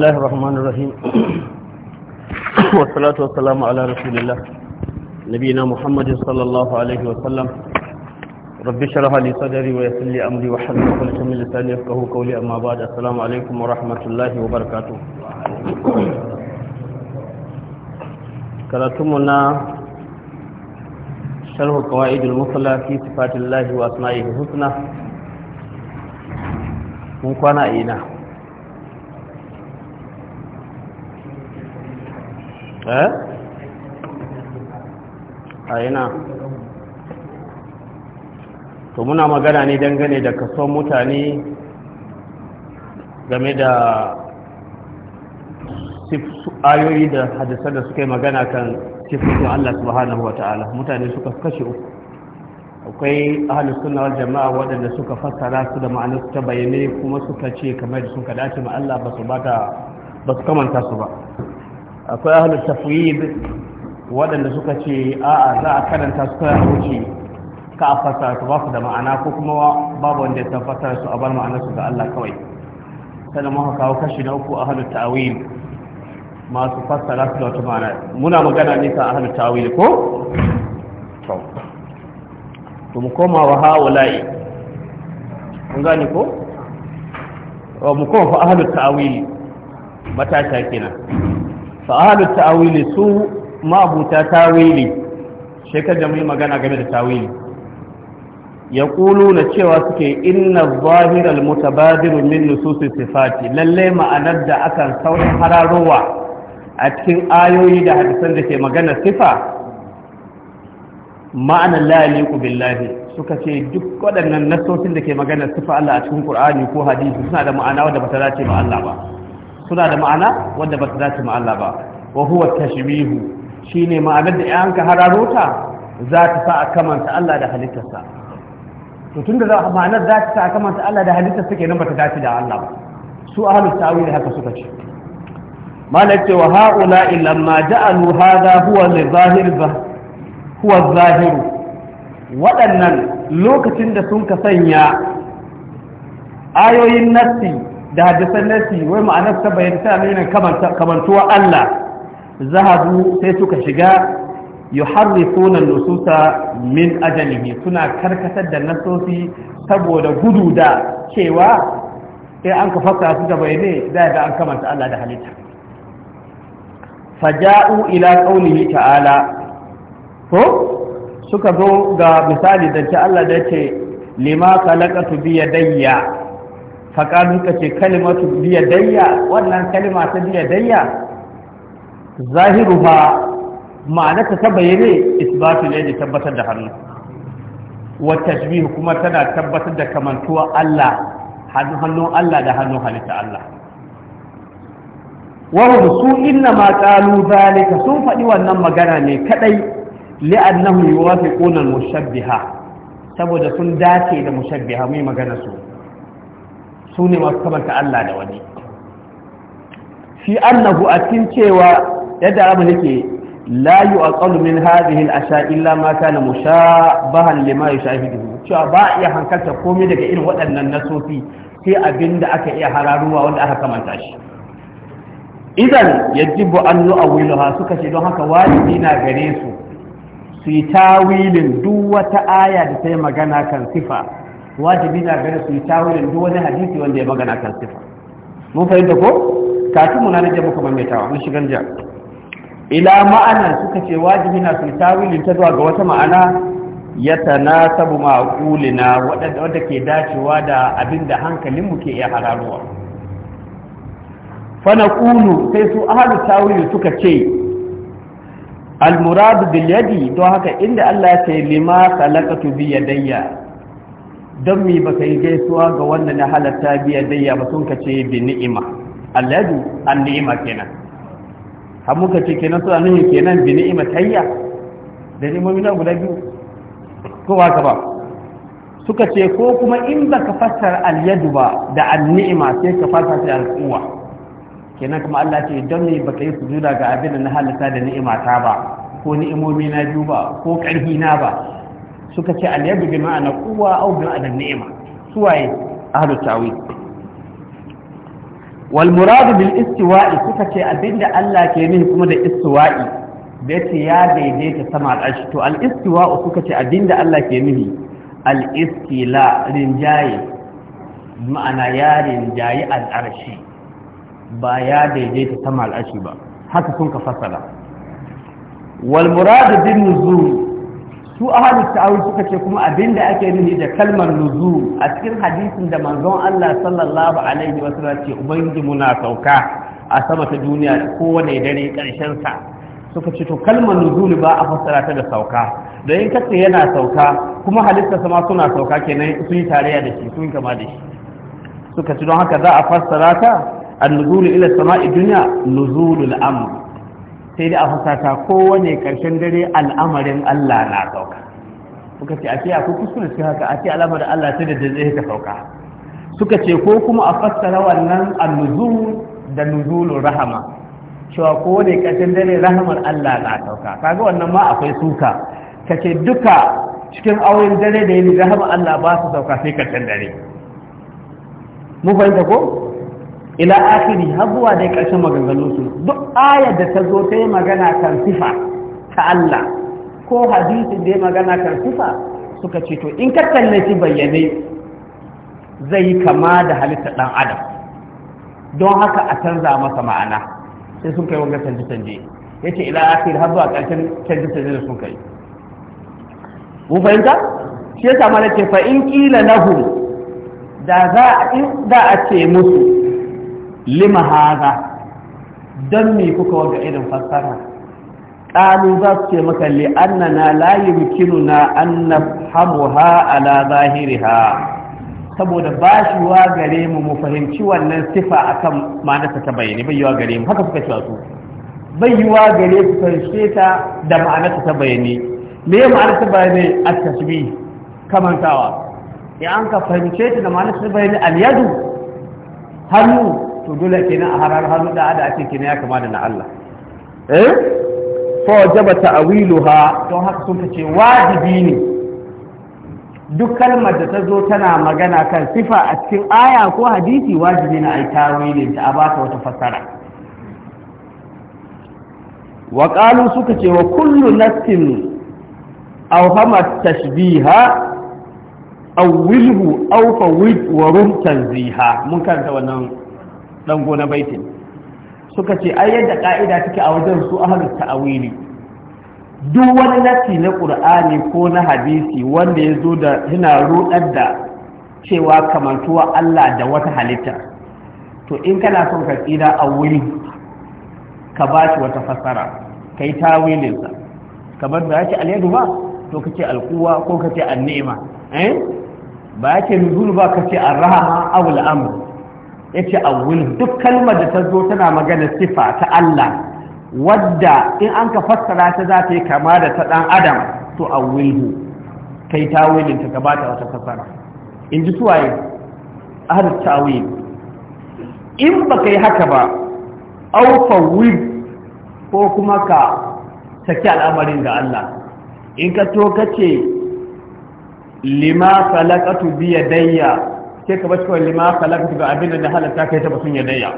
الله الرحمن الرحيم والصلاة والسلام على رسول الله نبينا محمد صلى الله عليه وسلم رب شرح لي صدري ويسر لي أمري وحلل وقلت من لساني يفقه قولي أما بعد السلام عليكم ورحمة الله وبركاته كراتمنا شرح قواعد المصلى في صفات الله وأسمائه الحسنى من قنائنا eh to muna magana ne dangane da kaso mutane game da ayoyi da hadisa da suka yi magana kan sifin Allah subhanahu wa ta'ala mutane suka kashe uku akwai ahalus sunna wal jama'a waɗanda suka fassara su da ma'anar ta bayyane kuma suka ce kamar da sun dace ma Allah ba su ba su kamanta su ba akwai ahlul tafwid waɗanda suka ce a'a za a karanta su kawai wuce ka a fasara su ba su da ma'ana ko kuma babu wanda ya san fasara su a bar ma'anar su ga Allah kawai sannan muka kawo kashi na uku ahlul ta'wil masu fassara su da wata ma'ana muna magana ne kan ahlul ta'wil ko to mu koma wa haula'i kun gani ko mu koma fa ahlul ta'wil ta kenan Fa'adu ahlu ta'wili su ma'abuta tawili shekar da magana game da tawili na cewa suke inna zahir al-mutabadir min nusus sifati lalle ma'anar da akan saurin hararowa a cikin ayoyi da hadisan da ke magana sifa ma'ana la yaliqu billahi suka ce duk waɗannan nasosin da ke magana sifa Allah a cikin Qur'ani ko hadisi suna da ma'ana wadda bata dace ba Allah ba suna da ma'ana wanda ba su dace ma Allah ba wa huwa tashbihu shine ma'anar da yan ka hararo ta za ta sa a kamanta Allah da halittarsa to tunda za ma'anar za ta sa a kamanta Allah da halittarsa kenan ba ta dace da Allah ba su ahlus ta'wil haka suka ce malaka wa haula lamma ja'alu hadha huwa li-zahir huwa zahir waɗannan lokacin da sun ka sanya ayoyin nassi da hadisan nasi wai ma'anar ta bayyana ta nuna kamantuwa Allah zahabu sai suka shiga yuharrifuna nususa min ajalihi suna karkatar da nasosi saboda gudu da cewa sai an ka su da bayyane da yadda an kamanta Allah da halitta faja'u ila qaulihi ta'ala ko suka zo ga misali da ce Allah da ce lima khalaqatu bi yadayya faƙalu ka ce kalimatu biya dayya wannan kalima ta biya dayya zahiru ha ma'ana ta bayyane isbatu ne da tabbatar da hannu Wata tashbih kuma tana tabbatar da kamantuwa Allah hannun Allah da hannun halitta Allah wahum su inna ma qalu zalika sun faɗi wannan magana ne kaɗai li'annahu yuwafiquna al-mushabbiha saboda sun dace da mushabbiha mai magana su su ne masu kamanta Allah da wani fi annahu a cikin cewa yadda abu yake la yu'aqalu min hadhihi al-asha illa ma kana mushabahan lima yushahiduhu cewa ba iya hankalta komai daga irin waɗannan nasofi sai abinda aka iya hararuwa wanda aka kamanta shi idan yajibu an nu'awwiluha suka ce don haka wajibi na gare su su yi tawilin duk wata aya da ta yi magana kan sifa wajibi na gare su yi tawilin duk wani hadisi wanda ya magana kan sifa mun fahimta ko kafin muna kuma mai tawa, mun shigan jiya ila ma'ana suka ce wajibi na su yi tawilin ta zuwa ga wata ma'ana ya tanasabu ma'qulina wadda ke dacewa da abin da hankalinmu ke iya hararuwa fa naqulu sai su ahlu tawilin suka ce al muradu bil yadi don haka inda Allah ya ce lima khalaqtu bi yadayya don mi baka yi gaisuwa ga wanda na halatta biya dayya ba sun ce bi ni'ima alladu an ni'ima kenan har muka ce kenan suna nuhin kenan bi ni'ima tayya da ni'imomi na guda biyu ko ba ka ba suka ce ko kuma in ka fassara alyadu ba da an ni'ima sai ka fasa ta al'uwa kenan kuma Allah ce don mi baka yi sujuda ga abin da na halatta da ni'ima ta ba ko ni'imomi na biyu ba ko karhi na ba suka ce al-yadu bi ma'ana quwwa aw bi ma'ana ni'ma suwaye ahlu tawil wal murad bil istiwa'i suka ce abinda Allah ke nufi kuma da istiwa'i da yace ya daidaita sama al'arshi to al istiwa'u suka ce abinda Allah ke nufi al istila rinjaye ma'ana ya rinjaye al'arshi ba ya daidaita sama al'arshi ba haka sun ka fassara wal murad bin nuzul su ahalu ta'awil suka ce kuma abin da ake nufi da kalmar nuzul a cikin hadisin da manzon Allah sallallahu alaihi wasallam ce ubangi muna sauka a sama ta duniya da kowane dare karshen sa suka ce to kalmar nuzul ba a fassara ta da sauka da in kace yana sauka kuma halitta sama suna sauka kenan su yi tarayya da shi sun kama da shi suka ce don haka za a fassara ta an-nuzul ila sama'i dunya nuzulul amr sai dai a fasata kowane ƙarshen dare al'amarin Allah na sauka suka ce a ce akwai kuskure cikin haka a ce al'amarin Allah sai da zai ta sauka suka ce ko kuma a fassara wannan annuzul da nuzulun rahama cewa kowane ƙarshen dare rahamar Allah na sauka kaga wannan ma akwai suka kace duka cikin auren dare da yin rahamar Allah ba su sauka sai ƙarshen dare mu fahimta ko ila akiri Habuwa dai ƙarshen maganganun su duk ayar da ta zo ta yi magana kan sifa ta Allah ko hadisi da ya magana kan sifa suka ce to in ka shi bayyane zai yi kama da halitta ɗan adam don haka a canza masa ma'ana sai sun kai wanga canje canje yace ila akiri Habuwa zuwa ƙarshen canje canje da sun kai mun fahimta shi yasa mana ce fa in kila lahu da za a ce musu lima haza don me kuka waga irin fassara ƙalu za su ce maka layi la na an nafhamuha ala zahiriha saboda ba shi wa gare mu mu fahimci wannan sifa akan ma'anarsa ta bayyane bai yiwa gare mu haka suka cewa su bai yiwa gare su fahimce ta da ma'anarsa ta bayyane me ma'anarsa ta bayyane a tasbi sawa? ya an ka fahimce ta da ma'anarsa ta bayyane al yadu hannu to dole kenan a harar hannu da ada ake kenan ya kama da na Allah eh fa wajaba ta'wiluha don haka sun ce wajibi ne duk kalmar da ta zo tana magana kan sifa a cikin aya ko hadisi wajibi na ai tawilin ta a baka wata fassara. wa qalu suka ce wa kullu nassin awhamat tashbiha awwilhu aw fawid wa rum tanziha mun karanta wannan dan gona baitin suka ce ai yadda ka'ida take a wajen su ahlus ta'awili duk wani nasi na qur'ani ko na hadisi wanda ya zo da yana rudar da cewa kamantuwa Allah da wata halitta to in kana son ka tsira a wuri ka ba shi wata fassara ka yi tawilinsa kamar ba ya ce alyadu ba to ka ce alkuwa ko ka ce annema eh ba ya ce nuzul ba ka ce arrahama aw al-amr yace awwil duk kalmar da ta zo tana magana sifa ta Allah wadda in an ka fassara ta za ta yi kama da ta dan adam to awwilhu kai tawilin ta gabata wata fassara in ji suwaye har tawil in ba kai haka ba au Wil, ko kuma ka saki al'amarin ga Allah in ka to kace lima salakatu bi yadayya ke ka bashi kawai lima halakta ga abin da na halatta kai ta basun ya daya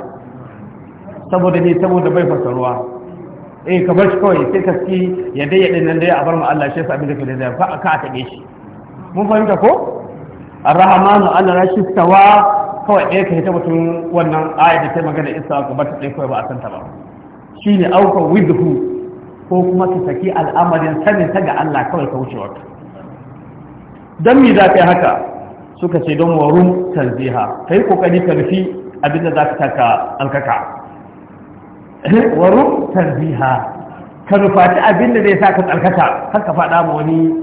saboda ne saboda bai fasaruwa eh ka bashi kawai sai ka ski ya daya din nan dai a bar mu Allah shi yasa abin da ke da fa ka ta shi mun fahimta ko arrahmanu Allah ala rashi tawa kawai ɗaya ka hita mutum wannan ayat da ta magana isa ka bata ɗaya kawai ba a santa ba shine auka widhu ko kuma ka saki al'amarin sanin ta ga Allah kawai ka wuce wata don me za ka yi haka suka ce don warum tanziha kai kokari ka rufi abinda za ka taka alkaka eh, warum tanziha ka rufaci abinda zai sa ka tsarkaka har ka faɗa ma wani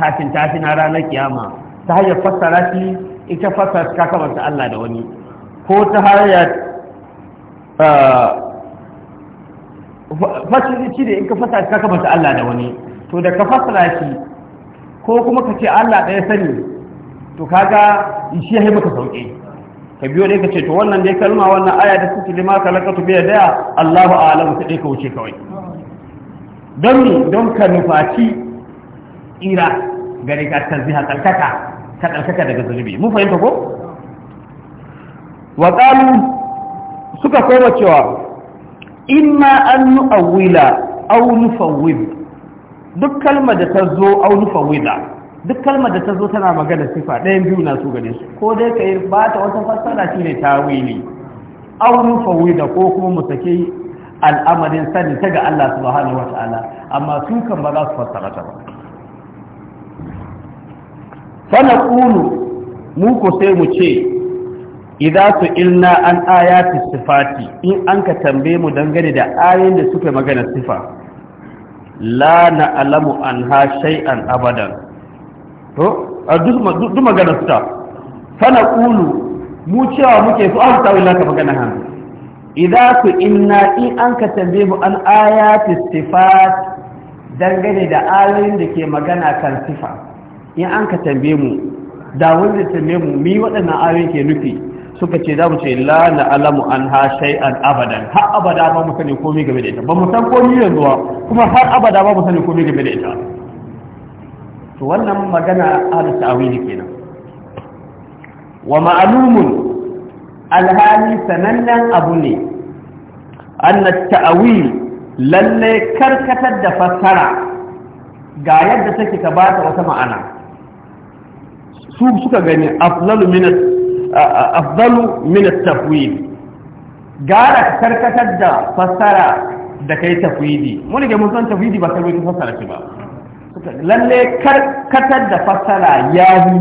tashin tashi na ranar kiyama ta hanyar fassara shi in ita fassara shi ka kamanta Allah da wani ko ta hanyar eh, fassara shi da in ka fassara shi ka kamanta Allah da wani to da ka fassara shi ko kuma ka ce Allah ɗaya sani to kaga shi yayi maka sauki ka biyo dai ka ce to wannan dai kalma wannan aya da suke lima kalakatu bi da Allahu a'lam sai dai ka wuce kawai don ni don ka nufaci ira gare ka tanziha kalkata ka kalkata daga zulubi mu fahimta ko wa qalu suka koma cewa inna an nu'awwila aw nufawwid duk kalmar da ta zo aw nufawwida duk kalmar da ta zo tana magana sifa ɗayan biyu na su gane su ko dai ka yi ba ta wata fassara shi ne tawili fawi da ko kuma mu sake al'amarin sani ta ga Allah subhanahu wa ta'ala amma su kan ba za su fassara ta ba sana ƙunu mu ko sai mu ce idan su ilna an ayati sifati in an ka tambaye mu dangane da ayin da suka magana sifa la na alamu an ha shay'an abadan a duk maganar suka fana ƙulu mu cewa muke su an tawo laka magana hannu idza ku inna in an ka tambaye mu an ayati sifat dangane da ayoyin da ke magana kan sifa in an ka tambaye mu da wanda tambaye mu mi waɗannan ayoyin ke nufi suka ce za mu ce la na alamu an ha shay'an abadan har abada ba mu sani komai game da ita ba mu san komai yanzu kuma har abada ba mu sani komai game da ita to wannan magana ahlus ta'wili kenan wa ma'lumun alhali sanannen abu ne anna ta'wil lalle karkatar da fassara ga yadda take ta ba ta wata ma'ana su suka gani afdalu min afdalu min at-tafwid gara karkatar da fassara da kai tafwidi mun ga mun san tafwidi ba kai fassara ce ba lalle karkatar da fassara ya yi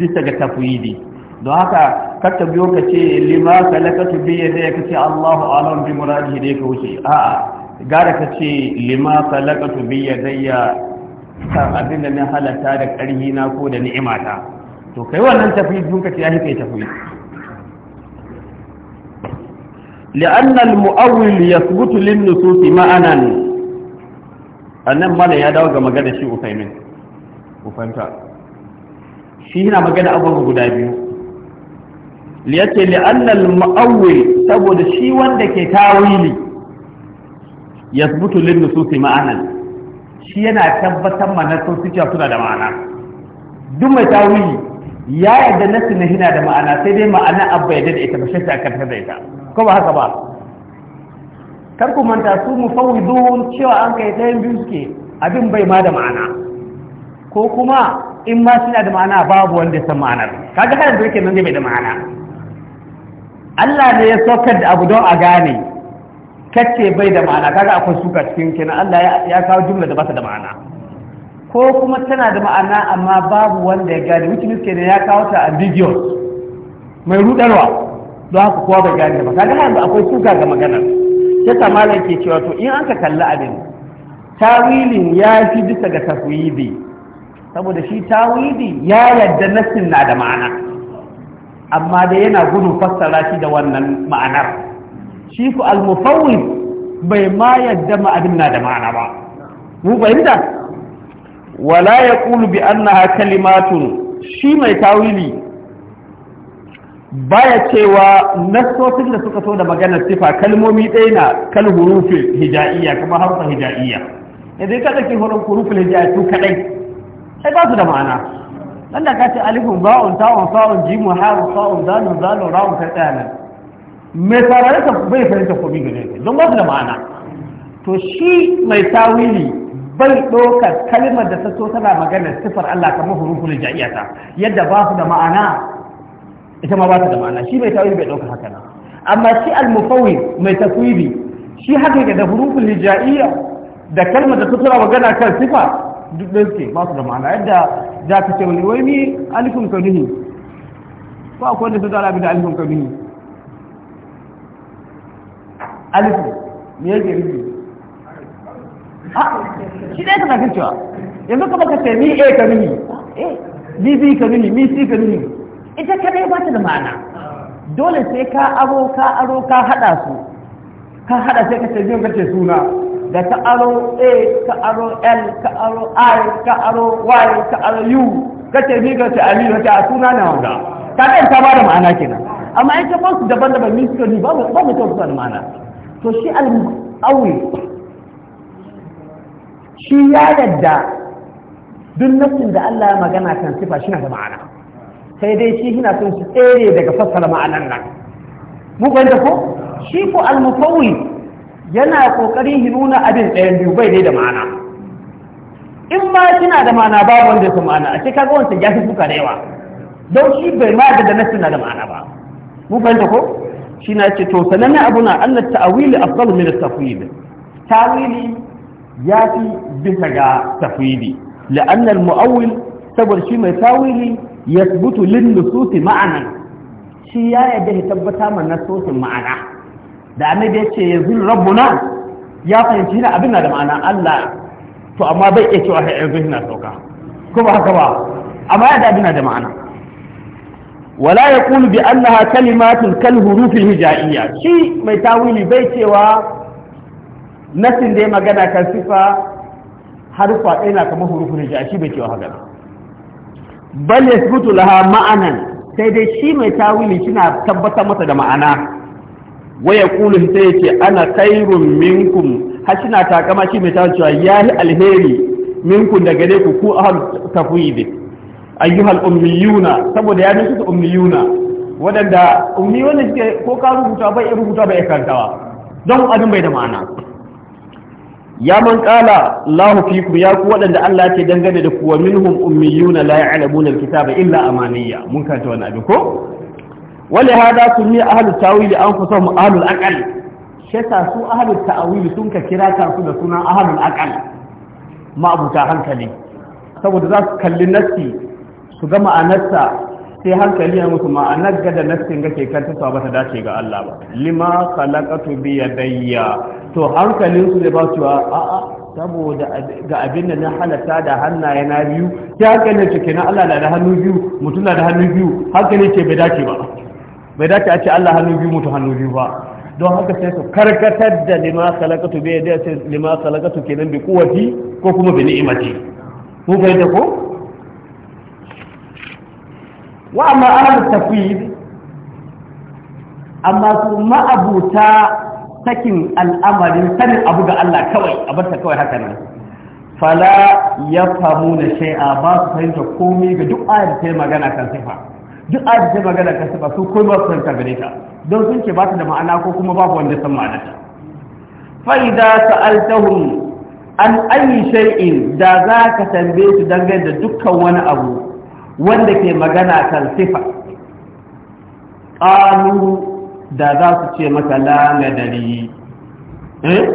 bisa ga tafwidi don haka kakka biyo ka ce lima salakatu bi yadayya ka ce Allahu a'lam bi muradihi da ka wuce a'a gara ka ce lima salakatu bi ya kan abin da na halatta da karhi na ko da ni'imata to kai wannan tafwidi dun ka ce ya kai tafwidi لأن المؤول يثبت للنصوص معنى annan malam ya dawo ga magana shi ufaimin ufanta shi yana magana abubuwa guda biyu liyace li'annal mu'awwil saboda shi wanda ke tawili yasbutu lin nususi ma'anan shi yana tabbatar ma nasosi cewa suna da ma'ana duk mai tawili ya yarda nasu na hina da ma'ana sai dai ma'ana abba ya da ita ba shi ta karkar da ita ko ba haka ba kar ku manta su fawidun cewa an kai ɗayan yin biyu suke abin bai ma da ma'ana ko kuma in ma suna da ma'ana babu wanda ya san ma'anar kaga har da yake nan ne bai da ma'ana Allah ne ya saukar da abu don a gane kacce bai da ma'ana kaga akwai suka cikin kenan Allah ya kawo jumla da ba ta da ma'ana ko kuma tana da ma'ana amma babu wanda ya gane wuce means ne ya kawo ta ambiguous mai rudarwa don haka kowa bai gane ba kaga har da akwai suka ga maganar ya malam ke cewa to in an ka kalli abin tawilin ya fi bisa ga tafwidi saboda shi tawili ya yadda nassin na da ma'ana amma da yana gudun fassara shi da wannan ma'anar shi ku al-mufawwid bai ma yadda ma'adin na da ma'ana ba mu fahimta wala yaqulu bi annaha kalimatun shi mai tawili baya cewa nassosin da suka so da maganar sifa kalmomi ɗaya na kal hurufin hija'iyya kuma harfa hija'iyya yanzu ka horon hurufin hija'iyya su kaɗai sai ba su da ma'ana nan da ka ce alifun ba'un ta'un sa'un jimu haru sa'un zalun zalun ra'un ka tsaya nan mai saurare ka bai fahimta komai gare ka don ba su da ma'ana to shi mai tawili bai ɗaukar kalmar da ta so tana maganar sifar Allah kamar hurufin hija'iyya ta yadda ba su da ma'ana ita ma ba ta da ma'ana shi mai tawili bai ɗauka haka nan amma shi al-mufawwi mai taswibi shi haka da hurufin hijaiya da kalmar da ta magana kan sifa duk da suke ba su da ma'ana yadda za ka ce wani wai ni alifin kaunihi ko akwai wanda su zara bi da alifin kaunihi alifin me yake rufi ah, shi ɗaya kana kan cewa yanzu ka baka ce ni a kaunihi eh, b b kaunihi mi c kaunihi ita kadai ba ta da ma'ana dole sai ka aro ka aro ka hada su ka hada sai ka ce ka kace suna da ka aro a ka aro l ka aro i ka aro y ka aro u ka ni ka ce ali ka ce suna na wanda ka ga ta ba da ma'ana kenan amma ita ba su daban-daban ni suka ni ba mu ba mu ta da ma'ana to shi al awi shi ya yadda duk nufin da Allah ya magana kan sifa shi na da ma'ana sai dai shi yana son su tsere daga fassara ma'anar nan mu fahimta ko shi ko almufawwi yana kokarin shi nuna abin ɗayan biyu bai dai da ma'ana in ma kina da ma'ana ba wanda ya ma'ana a ce kaga wancan ya fi suka da yawa don shi bai ma da nasu na da ma'ana ba mu fahimta ko shi na ce to sananne abu na Allah ta'awili afdalu min at-tafwid tawili ya fi bisa ga tafwidi la'anna al-mu'awwil saboda shi mai tawili yasbutu lin nususi ma'anan shi ya yadda ya tabbata ma nasusin ma'ana da annabi ya ce yanzu rabbuna ya fahimci na abin na da ma'ana Allah to amma bai iya cewa yanzu yana sauka ko ba haka ba amma ya da abin na da ma'ana wala ya yaqulu bi annaha kalimatun kal hurufil hijaiyya shi mai tawili bai cewa nasin da ya magana kan sifa harfa ɗaya na kamar hurufin hijaiyya shi bai cewa haka bal yasbutu laha ma'anan sai dai shi mai tawili shina tabbatar masa da ma'ana waya kulu sai yace ana khairun minkum har shina takama shi mai tawili cewa yahi alheri minkum da gare ku ku ahal tafwidi ayyuhal ummiyuna saboda ya nusu ummiyuna wadanda ummiyuna suke ko ka rubuta bai rubuta bai karantawa don abin bai da ma'ana ya man kala. lahu fikum ya ku wadanda Allah ke dangane da ku wa minhum ummiyuna la ya'lamuna alkitaba illa amaniya mun kanta wannan abin ko wala hada sunni ahlus tawili anfusahum ahlul aqal shata su ahlul ta'wili sun ka kira kansu da suna ahlul aqal ma'abuta hankali saboda za su kalli nassi su ga ma'anarsa sai hankali ya musu ma'anar ga da nassin ga ke kanta ba ta dace ga Allah ba lima khalaqatu bi yadayya to hankalinsu zai ba su a'a saboda ga abin da na halatta da hannaye na biyu ta ne ce na Allah da hannu biyu mutum na da hannu biyu ne ce bai dace ba bai dace a ce Allah hannu biyu mutum hannu biyu ba don haka sai su karkatar da lima salakatu bai yadda sai lima salakatu kenan bi kuwati ko kuma bi ni'imati mu bai da ko wa amma ana tafiyi amma su ma'abuta sakin al'amarin sanin abu ga Allah kawai a barta kawai haka nan fala ya famu na shai'a ba su fahimta komai ga duk ayar ta yi magana kan sifa duk ayar ta yi magana kan sifa su komai ba su fahimta gare ta don sun ce ba ta da ma'ana ko kuma babu wanda san ma'anarta fa'ida sa'altahum an ayi shay'in da za ka tambaye su dangane da dukkan wani abu wanda ke magana kan sifa qalu da za su ce maka la nadari eh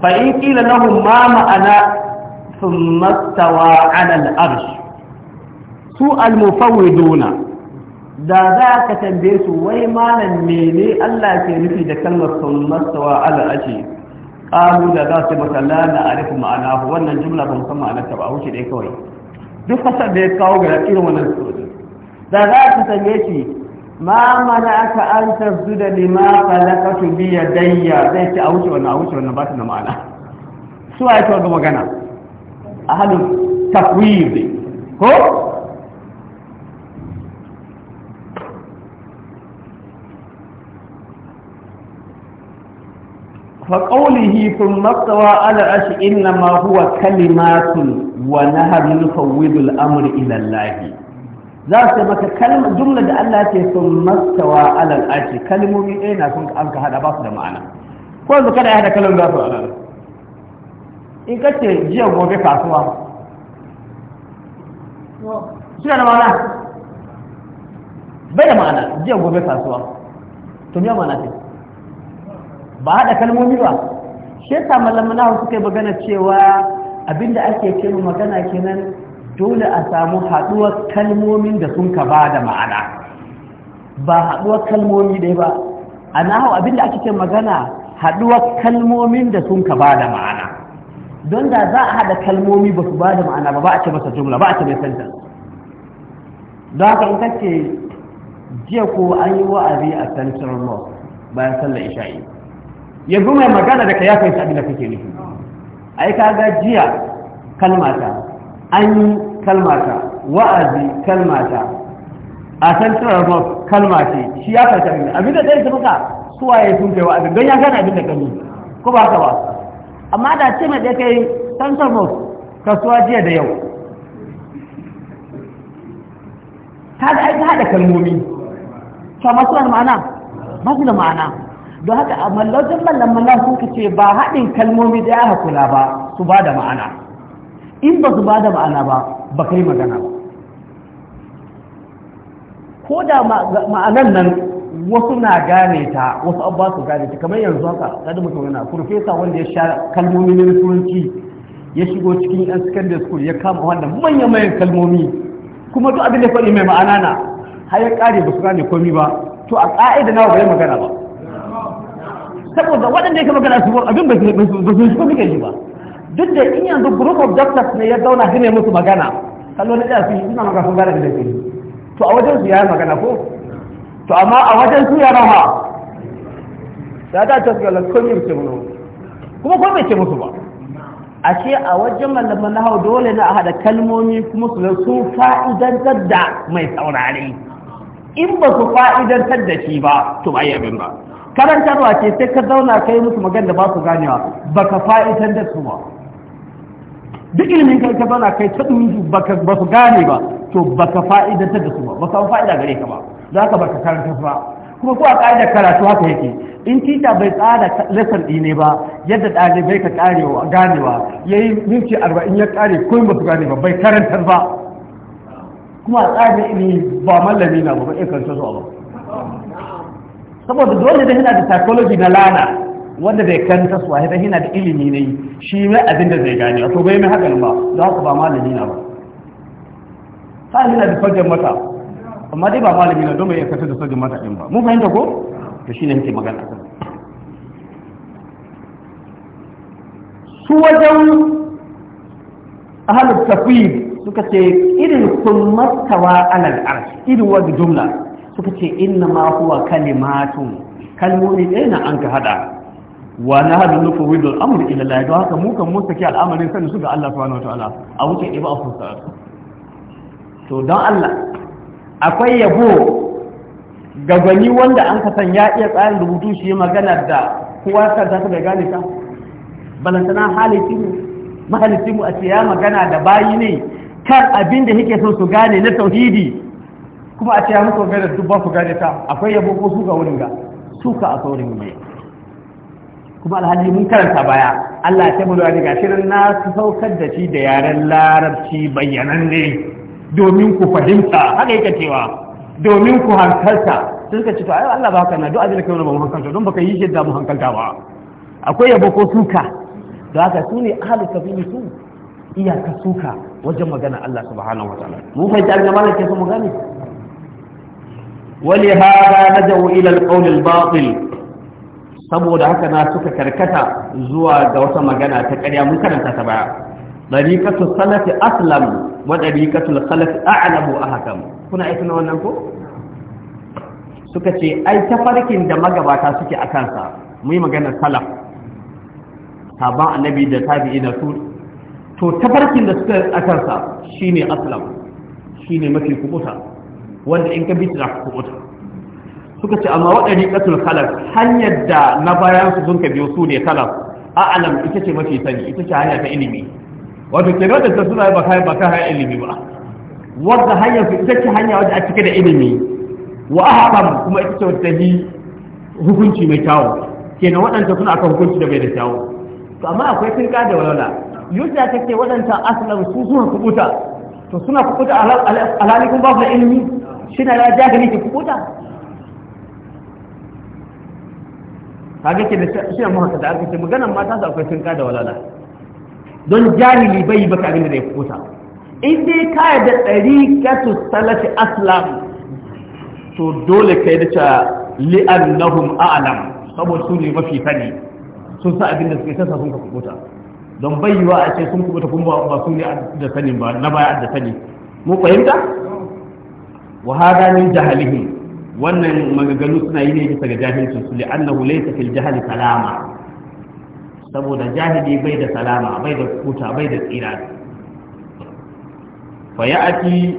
fa in qila lahum ma ma'ana thumma stawa 'ala al-arsh su al-mufawwiduna da za ka tambaye su wai malam mene Allah ke nufi da kalmar thumma stawa 'ala al-arsh qalu da za su maka la na'rifu ma'anahu wannan jumla ban san ma'anarta ba wuce dai kawai duk fasar da ya kawo ga irin wannan da za ka tambaye shi Mamana aka an tafi da lima falakatu biya dayya zai ce a wuce wannan a wuce wannan ba ta da ma'ana su a فقوله ثم استوى على العرش انما هو كلمات ونهر نفوض الامر الى الله za su maka kalmar jumla da Allah ke sun mastawa alal arshi kalmomi ɗaya na sun an ka hada ba su da ma'ana ko yanzu kada ya hada kalmar za su alal in ka ce jiya gobe kasuwa suna da ma'ana bai da ma'ana jiya gobe kasuwa to me ma'ana ce ba hada kalmomi ba shi ya malamai na suka yi magana cewa abinda ake ce magana kenan dole a samu haɗuwar kalmomin da sun ka ba da ma'ana ba haɗuwar kalmomi ɗaya ba a nahu abinda ake ce magana haɗuwar kalmomin da sun ka ba da ma'ana don da za a haɗa kalmomi ba su ba da ma'ana ba ba a ce masa jumla ba a ce mai sentence don haka in kace jiya ko an yi wa'azi a central mosque bayan sallar isha'i yanzu mai magana da ka ya fahimci abin da kake nufi ai kaga jiya kalmata an yi kalmata wa'azi kalmata a san kalma ce. shi ya karta abin abin da ɗaya ta maka suwaye sun kai wa'azi don ya gana abin da kani ko ba ka ba amma da ce mai ɗaya kai san turarwa kasuwa jiya da yau ta da aiki haɗa kalmomi ta masu da ma'ana ba su da ma'ana don haka a mallautan mallan mallan sun ce ba haɗin kalmomi da ya hakula ba su ba da ma'ana in ba su ba da ma'ana ba ba kai magana ba ko da ma'anan nan wasu na gane ta wasu an ba su gane ta kamar yanzu haka kada mutum yana profesa wanda ya sha kalmomi na turanci ya shigo cikin yan secondary school ya kama wanda manya manyan kalmomi kuma duk abin da faɗi mai ma'ana na har ya kare ba su gane komi ba to a ƙa'ida na bai magana ba saboda waɗanda ya kama magana su abin ba su shi ba duk da in yanzu group of doctors ne ya zauna shi ne musu magana kallo na ɗaya su suna maka sun gane da ke to a wajen su ya magana ko to amma a wajen su ya rama ya ta ta su yalar yin ce mu kuma ko bai ce musu ba a ce a wajen malaman na hau dole na a haɗa kalmomi kuma su sun fa'idantar da mai saurari, in ba su fa'idantar da shi ba to ba yi abin ba karantarwa ce sai ka zauna kai musu magana da ba su ganewa ba ka fa'idantar da su ba duk ilimin kai ka zauna kai ta dumi su ba su gane ba to baka ta da su ba ba ka fa'ida gare ka ba za ka baka karanta ba kuma ko a ƙa'idar karatu haka yake in tita bai tsara lesson ɗine ba yadda ɗalibai ka ƙarewa ganewa ya yi minti arba'in ya kare ko ba su gane ba bai karantar ba kuma a tsarin ilimi ba mallami na ba ba iya zuwa ba saboda dole da hina da psychology na lana wanda bai karanta su wahida yana da ilimi ne shi ne abin da zai gane to bai mai hakan ba za haka ba malami na ba sai yana da fajin mata amma dai ba malami na domin ya kasar da fajin mata ɗin ba mun fahimta ko to ne yake magana su wajen ahalar tafi suka ce irin kun matawa alal arshi irin wadda jumla suka ce inna ma huwa kalimatun kalmomi ɗaya na an ka hada wa na hadu nufu widul amur ila don haka mu kan mu saki al'amarin sanin su ga Allah subhanahu wataala a wuce ba a fusa to don Allah akwai yabo ga gani wanda an kasan ya iya tsarin rubutu shi magana da kowa ta ta da gane ta balantana halitti mu mu a ce ya magana da bayi ne kan abin da yake so su gane na tauhidi kuma a ce ya musu magana duk ba su gane ta akwai yabo ko su ga wurin ga suka a saurin mai kuma alhaji mun karanta baya Allah ya tabbata daga shirin na saukar da shi da yaren larabci bayanan ne. domin ku fahimta haka yake cewa domin ku hankalta sai ka ci to ai Allah ba haka na duk da kai ba mu hankalta don baka yi shi da mu hankalta ba akwai yabo ko suka da haka su ne ahlus sabili su iyaka suka wajen magana Allah subhanahu wa ta'ala mu fahimta abin da malam ke so mu gane ولهذا لجوا إلى القول الباطل saboda haka na suka karkata zuwa ga wata magana ta ƙarya mun karanta ta baya dariqatu salati aslam wa dariqatu salati a'lamu ahkam kuna aikin na wannan ko suka ce ai tafarkin da magabata suke a kansa mu yi magana salaf saban annabi da tabi'i da su to tafarkin da suka a kansa shine aslam shine mafi kubuta wanda in ka bi ta kubuta suka ce amma waɗani ƙasar khalaf hanyar da na bayan su sun ka biyo su ne khalaf a'alam ita ce mafi sani ita ce hanya ta ilimi wato ke da ta suna ba kai ba kai ilimi ba wanda hanyar su ita ce hanya wadda a cike da ilimi wa ahkam kuma ita ce wadda yi hukunci mai kyawu kenan waɗanda suna akan hukunci da bai da kyawu to amma akwai firka da walwala yadda ta ce waɗanda asalan su suna kubuta to suna kubuta alalikun babu da ilimi shi na ya jahili ke kubuta kaga ke da shi amma haka da aka ce maganan mata su akwai tunka da walala don jahili bai baka abin da zai kusa in dai ka yadda da dariqatu salati aslam to dole ka kai da ta li'annahum a'lam saboda su ne mafi sani sun sa abin da suke sassa sun ka kubuta don bai yiwa a ce sun kubuta kun ba su ne da sani ba na baya da sani mu fahimta wa hada min jahalihi wannan magagalu suna yi ne bisa ga jahilci su li'annahu laysa fil jahli salama saboda jahili bai da salama bai da kuta bai da tsira fa ya'ti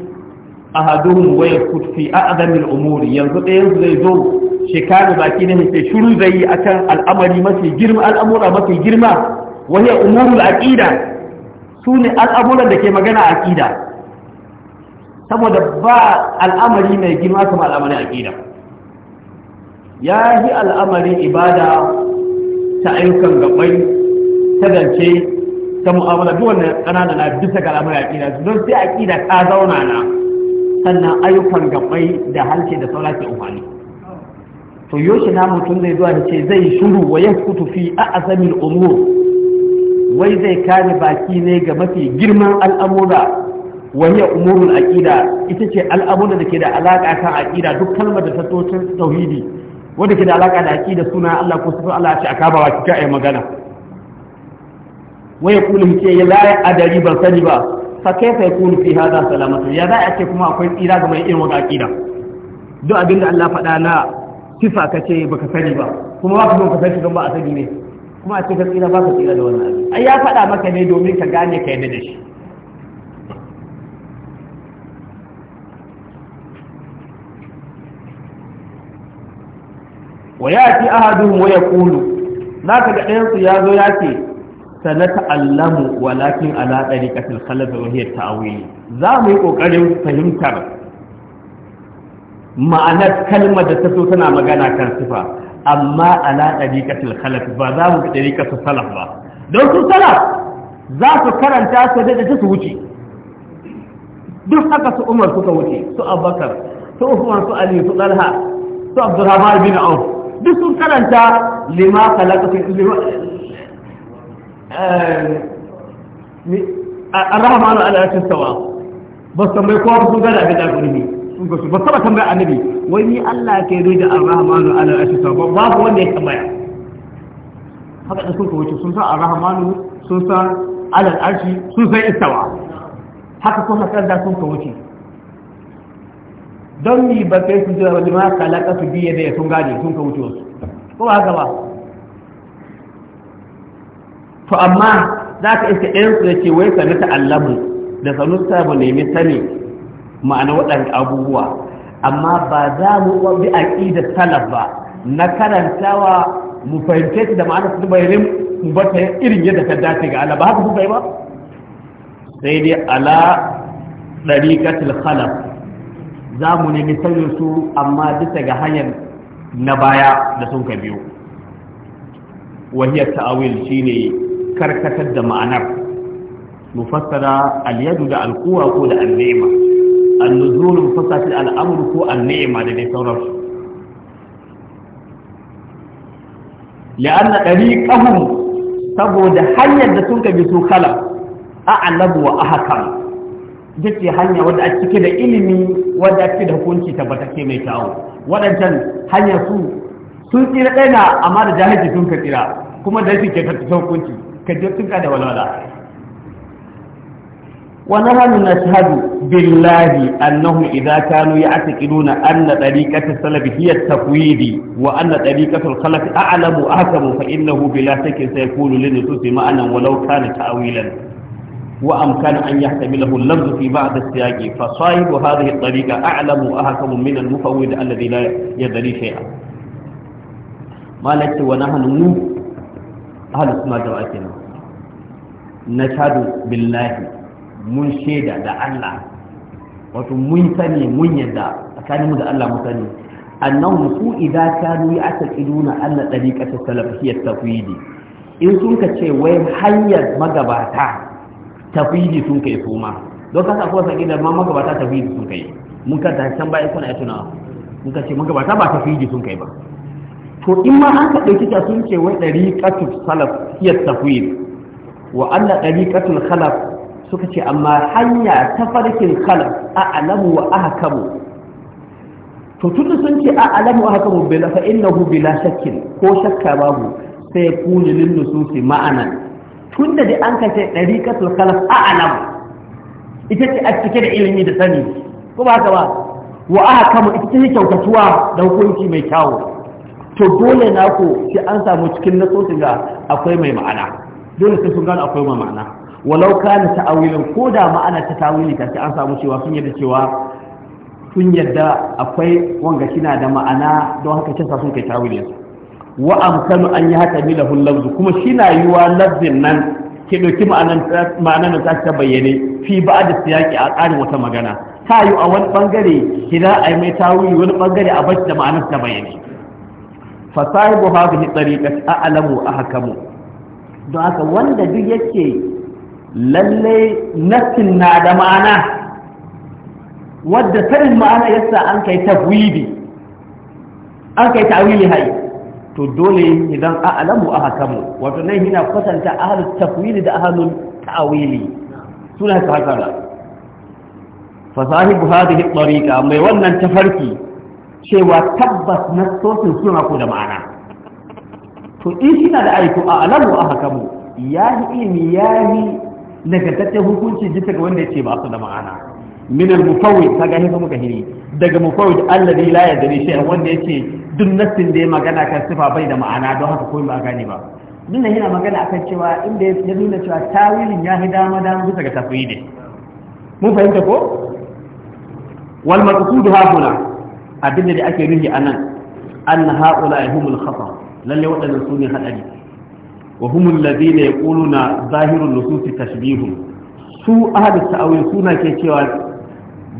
ahaduhum wa yakut fi a'dami al-umuri yanzu yanzu zai zo shekaru baki ne sai shiru zai yi akan al'amari mafi girma al'amura mafi girma wa hiya umurul aqida sune al'amuran da ke magana aqida saboda ba al'amari mai girma kamar al'amarin aqida ya yi al'amarin ibada ta ayyukan gabai ta zance ta mu'amala duk wannan kanana na bisa ga al'amarin aqida don sai aqida ta zauna na sannan ayyukan gabai da halce da saura ke to yoshi na mutum zai zuwa da ce zai shuru wa ya kutu fi a asamin umur wai zai kare baki ne ga mafi girman al'amura wani umurul aqida ita ce al'amuran da ke da alaka kan aqida duk kalmar da ta tocin tauhidi wanda ke da alaka da aqida suna Allah ko sifar Allah ce aka wa kika ai magana waya kulum ce ya la adari ban sani ba fa kaifa yakunu fi hada salamatu ya da a ce kuma akwai tsira ga mai irin wannan aqida duk abin da Allah faɗa na sifa kace baka sani ba kuma ba ka zo ka sani don ba a sani ne kuma a ce ka tsira ba ka tsira da wannan abin ai ya faɗa maka ne domin ka gane ka yadda da shi wa yati ahaduhum wa yaqulu naka ga ɗayan su yazo ya ce Sana ta'allamu walakin ala ƙasar khalaf wa hiya ta'wili za mu yi ƙoƙarin fahimtar ma'anar kalmar da ta so tana magana kan sifa amma ala ƙasar khalaf ba za mu ɗari ƙasar salaf ba don su salaf za su karanta su da ta su wuce duk haka su umar suka wuce su abubakar su usman su ali su dalha su abdurrahman bin auf duk sun karanta lima kalakafin eh, eh, arrahmanu ala yakin sawa ba su tambayi kowa sun gada abin da gurbi sun gasu ba saba tambaya annabi wai ni Allah ke yi da arrahmanu ala yakin sawa babu wanda ya tambaya haka da sun kawace sun san arrahmanu sun san ala arshi sun san istawa haka sun haka da sun kawace don yi ba kai su jira wajen ma kalaka su biye da sun gane sun ka wuce wasu ko ba haka ba to amma za ka iske ɗayan su ya ce wai sanu ta'allamu da sanu ta mu nemi sani ma'ana waɗanda abubuwa amma ba za mu bi da salaf ba na karantawa mu fahimce su da ma'ana su bayanin mu ba ta irin yadda ta dace ga Allah ba haka su bai ba sai dai ala dariqatul khalaf za mu nemi sanin su amma bisa ga hanyar na baya da sun ka biyo wahiyar ta'awil shine karkatar da ma'anar mufassara al-yadu da alkuwa ko da al-ni'ma an-nuzul mufassara al ko an da dai sauransu li'anna dariqahum saboda hanyar da sun ka bi su kala a'lamu wa haka. ita ce hanya wadda a cike da ilimi wadda a cike da hukunci tabbatacce mai kyawu waɗancan hanya su sun tsira ɗaya na amma da jahilci sun ka tsira kuma da yake ke karkashin hukunci ka je sun da walwala ونحن نشهد بالله أنهم salafi hiya يعتقدون أن طريقة السلف هي التقويد وأن طريقة الخلف أعلم أحكم bila بلا شك سيكون للنصوص معنى ولو كان tawilan وأمكان أن يحتمله اللفظ في بعض السياق فصاحب هذه الطريقة أعلم وأحكم من المفوض الذي لا يدري شيئا ما لك ونحن نو أهل السماء جواتنا نشهد بالله من شيدا دا الله wato mun sani mun yadda tsakanin mu da Allah mu sani annahu su idza kanu ya'taqiduna anna tariqatu salafiyyat tafwidi in sun ka ce wai hanyar magabata Tafiji sun kai su ma don kasa ko san idan ma magabata tafidi sun kai mun ka ta can baya kuna tuna mun ka ce magabata ba tafidi sun kai ba to in ma an ka dauki ta sun ce wai ɗari dariqatul salaf hiya tafwid wa ɗari dariqatul khalaf suka ce amma hanya ta farkin a a'lamu wa ahkamu to tun sun ce a'lamu wa bai lafa fa innahu bila shakkin ko shakka babu sai kulilin nususi ma'anar. tun da dai an kace ɗariƙatul kalas a alam ita ce a cike da ilimi da sani ko ba haka ba wa aka kama ita ce kyautatuwa da hukunci mai kyawu to dole na ku sai an samu cikin sosai ga akwai mai ma'ana dole sai sun gano akwai mai ma'ana walau kana ta'awilin ko da ma'ana ta tawili sai an samu cewa sun yadda cewa sun yadda akwai wanga kina da ma'ana don haka kisa sun kai ta'awilinsu. wa amsanu an yi haka milahu lafzu kuma shi na yiwa lafzin nan ke ɗauki ma'anar ta ta bayyane fi ba da siyaki a ƙarin wata magana ta yi a wani ɓangare kira a yi mai tawuri wani ɓangare a bacci da ma'anar ta bayyane fasahibu tsari tariqat a'lamu a ahkamu don haka wanda duk yake lalle nassin na da ma'ana wadda sanin ma'ana yasa an kai tafwidi an kai tawili hai to dole idan a a'lamu a ahkamu wato nan yana kwatanta ahlul tafwili da ahlul ta'wili suna ka haka da fa sahibu hadhihi tariqa mai wannan tafarki cewa tabbas na nasosin suna ko da ma'ana to in shi na da aiko a a'lamu a ya yi yahi ya yi nagartaccen hukunci jita ga wanda ya ce ba su da ma'ana min al-mufawwid kaga hifa muka hiri daga mufawwid alladhi da yadri shay'a wanda ya ce duk nassin da ya magana kan sifa bai da ma'ana don haka ko ba gane ba dinnan yana magana akan cewa inda ya nuna cewa tawilin ya hi dama dama bisa ga tafwidi mun fahimta ko wal maqsud hauna abinda da ake nuhi anan an haula humul khata lalle wadannan sune hadari wa humul ladina yaquluna zahirun nususi tashbihum su ahadu ta'awil suna ke cewa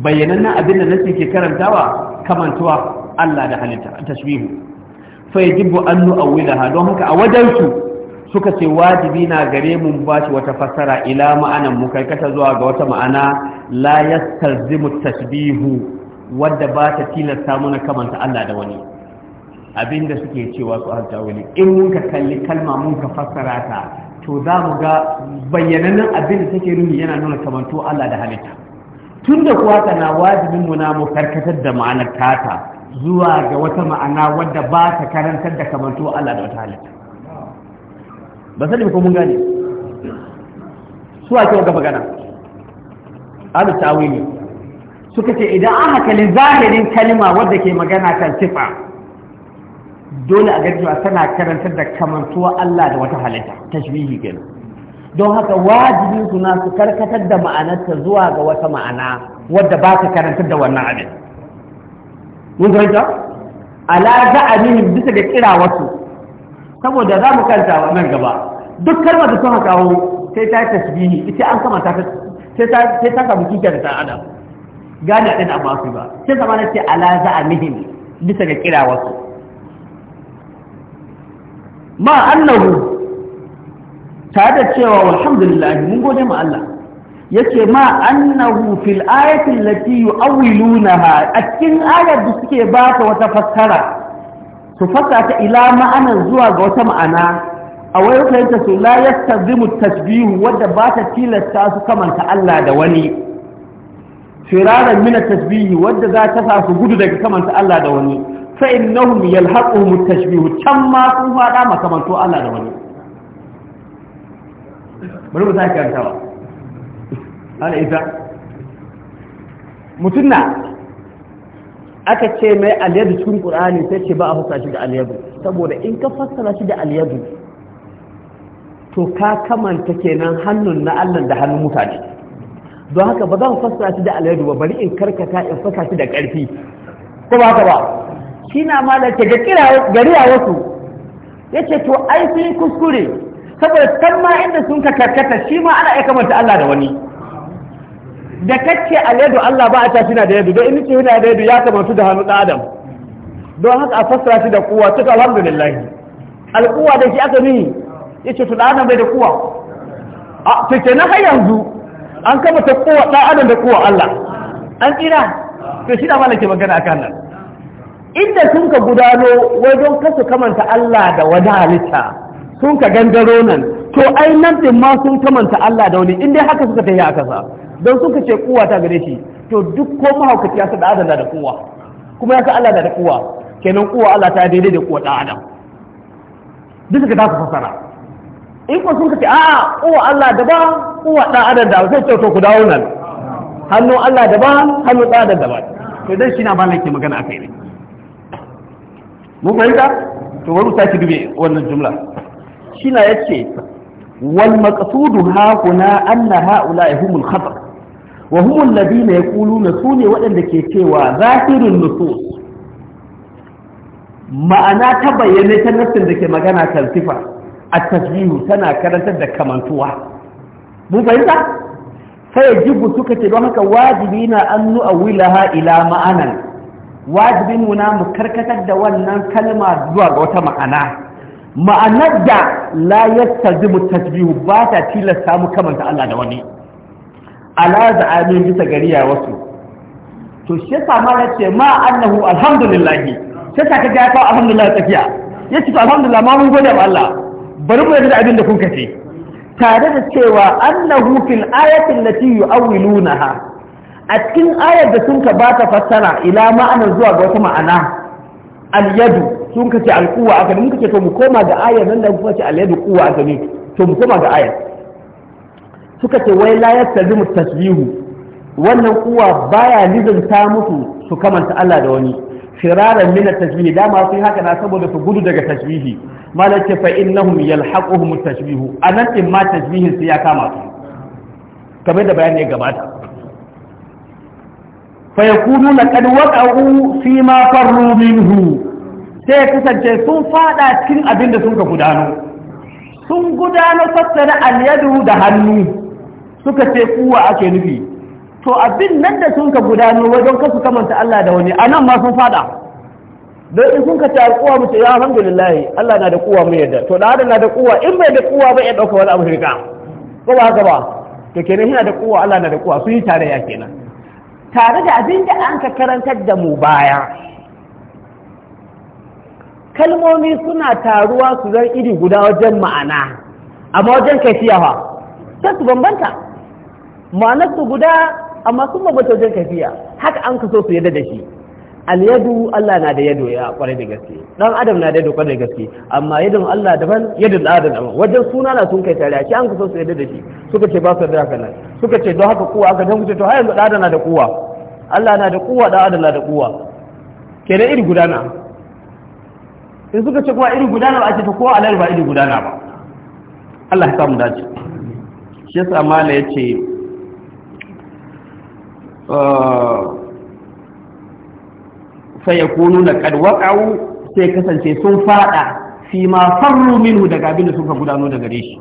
Bayyanannan abin da nasi ke karantawa kamantuwa Allah da halitta taswihu fa yajibu an nu'awwilaha don haka a wajen su suka ce wajibi na gare mu ba shi wata fassara ila ma'anan mu kai karkata zuwa ga wata ma'ana la yastalzimu tasbihu wadda ba ta tilasta mana kamanta Allah da wani abinda suke cewa su har tawili in mun ka kalli kalma mun ka fassara ta to za mu ga bayyanannan abin da take nuni yana nuna kamanto Allah da halitta tun da kuwa kana wajibin mu na mu karkatar da ma'anar tata zuwa ga wata ma'ana wadda ba ta karantar da kamanto Allah da wata halitta ba sani ko mun gane su ake wa magana alu tawili suka ce idan an hakali zahirin kalima wadda ke magana kan sifa dole a gajiya tana karantar da kamantuwa Allah da wata halitta tashbihi kenan don haka wajibin su na su karkatar da ma'anarta zuwa ga wata ma'ana wadda ba ta karantar da wannan abin mun fahimta ala za'amihim bisa ga kira wasu saboda za mu kanta nan gaba duk kalmar da suka kawo sai ta tasbihi ita an kama ta sai ta samu kika da ta adam gane a ɗaya ba su ba sai zama na ce ala za za'amihim bisa ga kira wasu ma annahu tare da cewa alhamdulillah mun gode ma Allah yace ma annahu fil ayati allati yu'awwilunaha a cikin ayar da suke ba ta wata fassara su fassara ta ila ma'ana zuwa ga wata ma'ana a wayar fahimta su la yastazimu tasbihu wadda ba ta tilasta su kamanta Allah da wani firaran mina tasbihi wadda za ta sa su gudu daga kamanta Allah da wani fa innahum yalhaquhum tasbihu tashbihu tamma sun fada makamanto Allah da wani bari mu sake karantawa ana isa mutum na aka ce mai Aliyadu cikin qur'ani sai ce ba a fasa shi da aliyadu saboda in ka fassara shi da Aliyadu to ka kamanta kenan hannun na Allah da hannun mutane don haka ba zan fassara shi da Aliyadu ba bari in karkata in fasa shi da ƙarfi ko ba ba shi na malaka ga kira gari a wasu yace to ai sun kuskure saboda san ma inda sun ka karkata shi ma ana aika kamanta Allah da wani da kacce a Allah ba a ta shi na da yadu da in ce yana da yadu ya kamantu da hannu adam don haka a fassara shi da kuwa tuka alhamdulillah alkuwa da shi aka ni yace to adam bai da kuwa a to na har yanzu an ta kuwa dan adam da kuwa Allah an tsira to shi da malaka magana akan nan inda sun ka gudano wai don kasu kamanta Allah da wani halitta sun ka gangaro nan to ai nan din ma sun kamanta Allah da wani in dai haka suka tafi aka sa don suka ce kuwa ta gare shi to duk ko mahaukaci ya da adam da kuwa kuma ya sa Allah da kuwa kenan kuwa Allah ta daidai da kuwa dan adam duk suka ta fasara in ko sun ce a'a kuwa Allah da ba kuwa dan adam da sai ce to ku dawo nan hannun Allah da ba hannun dan adam da ba to don shi na ba nake magana akai ne mu fahimta to wani ki dube wannan jumla shina yace wal maqsudu hakuna kuna anna haula humul khata wa humul ladina yaquluna sune waɗanda ke cewa zahirun nusus ma'ana ta bayyane ta nassin da ke magana kan sifa a tasbihu tana karantar da kamantuwa mun fahimta sai jibu suka ce don haka wajibi na an wilaha ila ma'anan wajibin mu na mu karkatar da wannan kalma zuwa ga wata ma'ana ma'anar da la yastazimu tasbihu ba ta tilasta mu kamanta Allah da wani ala za'amin bisa gari gariya wasu to shi yasa ma yace ma annahu alhamdulillah sai ta kaga ya kawo alhamdulillah tsakiya yace to alhamdulillah ma mun gode wa Allah bari mu yarda abin da kun kace tare da cewa annahu fil ayati allati yu'awwilunaha a cikin ayar da sun ka ba ta fassara ila ma'anar zuwa ga wata ma'ana al yadu sun kace alquwa aka mun kace to mu koma ga ayar nan da kuma ce alyadu quwa aka ne to mu koma ga ayar suka ce wai la yastazimu tasbihu wannan kuwa baya ta musu su kamanta Allah da wani firaran min tasbihi da dama sun haka na saboda su gudu daga tasbihi malaka fa innahum yalhaquhum at-tasbihu anan in ma tasbihin sai ya kama su kamar da bayani ya gabata fa yakunu laqad waqa'u fi ma farru minhu sai ya kasance sun fada cikin abin da sun ka gudano sun gudano fassara alyadu da hannu suka ce kuwa ake nufi to abin nan da sun ka gudano wajen kasu kamanta Allah da wani a nan ma sun fada don in sun ka ta kuwa mu ce ya alhamdulillah Allah na da kuwa mu yadda to da hada na da kuwa in bai da kuwa bai ya dauka wani abu shirka ko ba haka ba to kenan yana da kuwa Allah na da kuwa sun yi tare ya kenan tare da abin da an ka karantar da mu baya kalmomi suna taruwa su zan iri guda wajen ma'ana amma wajen kaifiya fa sai su bambanta ma'anar su guda amma sun bambanta wajen kaifiya haka an kaso su yadda da shi alyadu Allah na da yado ya kwarai da gaske dan adam na da yado kwarai da gaske amma yadon Allah daban yadon adam daban wajen suna na sun kai tare shi an kaso su yadda da shi suka ce ba su da haka nan suka ce don haka kuwa aka dan to har yanzu da na da kuwa Allah na da kuwa da adam na da kuwa kenan iri guda na in suka ce kuma iri gudana ba a ce ta kowa alal ba iri gudana ba Allah ya samu dace shi yasa mala yace sai ya ah, kunu na waqa'u sai kasance sun fada fi ma farru minhu daga abin da suka gudano daga gare shi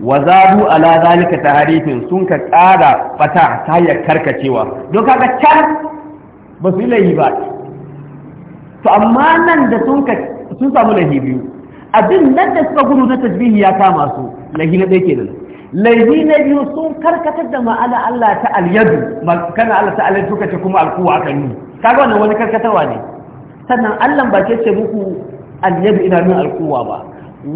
wa zabu ala zalika taharifin sun ka ƙara fata ta hanyar karkacewa don kaga can ba su yi ba to amma nan da sun ka sun samu lahi biyu abin nan da suka gudu na tasbihi ya kama su lahi na ɗaya kenan lahi na biyu sun karkatar da ma'ana Allah ta alyadu kana Allah ta alyadu suka kuma alkuwa aka yi kaga wannan wani karkatarwa ne sannan Allah ba ke ce muku alyadu ina nuna alkuwa ba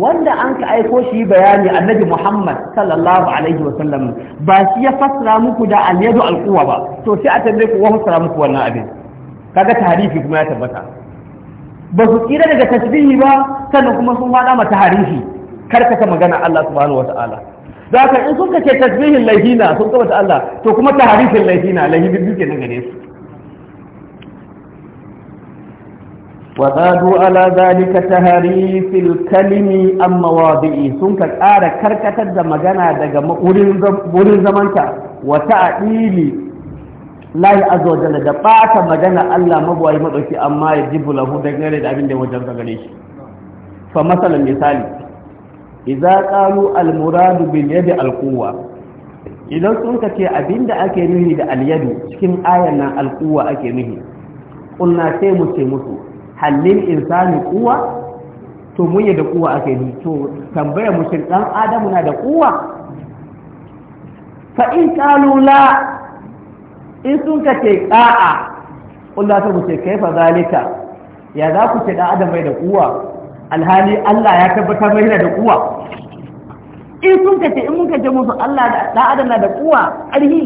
wanda an ka aiko shi bayani annabi Muhammad sallallahu alaihi wasallam ba shi ya fassara muku da alyadu alkuwa ba to sai a tambaye ku wa fassara muku wannan abin kaga tarihi kuma ya tabbata ba su tsira daga tasbihi ba sannan kuma sun faɗa mata harifi karkata magana Allah subhanahu wata'ala za ka in sun kace tasbihin laihina sun kaba ta Allah to kuma ta harifin laihina biyu ke nan gare su وزادوا على ذلك تهريف الكلم عن مواضعه سنك قال karkatar da magana daga wurin zamanta wa ta'ili lahi azza jalla da bata magana Allah mabawai madauki amma ya jibu lahu dangane da abin da wajen ka gare shi fa masalan misali idza qalu al murad bil yad al quwwa idan sun ka abinda ake nuhi da al yad cikin ayan nan al quwwa ake nuhi kulna sai mu ce musu halin insani quwwa to mun yi da kuwa ake nuni to tambayar mu shin dan adamu na da kuwa fa in qalu la in sun ka ce a'a Allah ta ce 'Kai kaifa zalika ya za ku ce da mai da kuwa alhali Allah ya tabbatar mai da kuwa in sun ka ce in ka ce musu Allah da adam na da kuwa ƙarhi